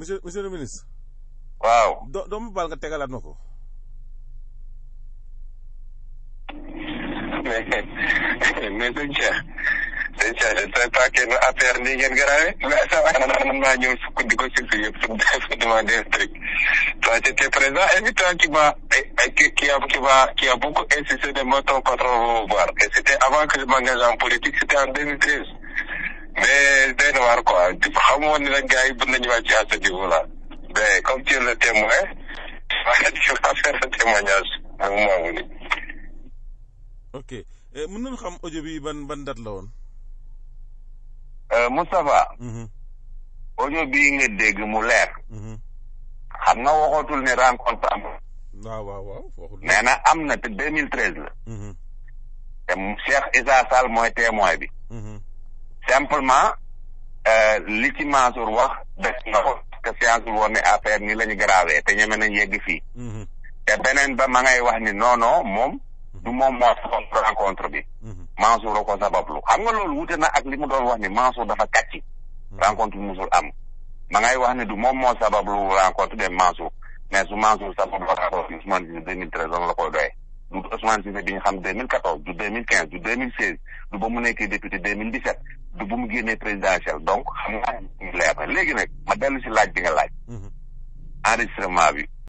monsieur monsieur le ministre. waaw doo doo ma baal nga tegalaat ma ko. mais sëñ Cheikh sëñ Cheikh c'est pas que affaire nii ngeen garaawee mais ça va man maa ñëw sukk di ko sukk yëpp pour demander un truc toi tu étais présent évidemment qui m'a qui qui a qui m'a qui a beaucoup insisté de me ton patron au pouvoir et c'était avant que je m'engage en politique c'était en 2013 mais day na waar quoi xamoon ne nag gars yi mën nañu wàcc à ce niveau là mais comme tu es le témoin maa ngi faire ak moomu ni ok eh, mën nañu xam audio bi ban la woon. Euh, Moustapha. Mhm. audio nga dégg mu leer. Mhm. xam nga waxatul ne rencontre am. waaw waaw waaw waxul na am na te 2013 la. Mhm. te Cheikh Issa Sall mooy témoin bi. simplement eh, li ci Mansour wax bés nga ko que science bi ne affaire ni la ñu garaawee te ñeme nañ yegg fii mhm. te beneen ba ma ngay wax ni non non moom mhm. du mom moo sababu rencontre bi mhm. Mansour a ko sabablu xam nga loolu wute na ak li mu doon wax ni Mansour dafa kàcci rencontre bi musul am ma ngay wax ne du moom moo sabablu rencontre bi Mansour mais su masur sabab rencontre bi Ousmane Cissé 2013 la koy doyee du Ousmane Cissé bi ñu xam 2014 du 2015 du 2016 du ba mu nekkee député 2017 du bu mu génnee présidentielle donc xam naa leer na léegi nag ma dellu si laaj bi nga laaj mhm. enregistrement bi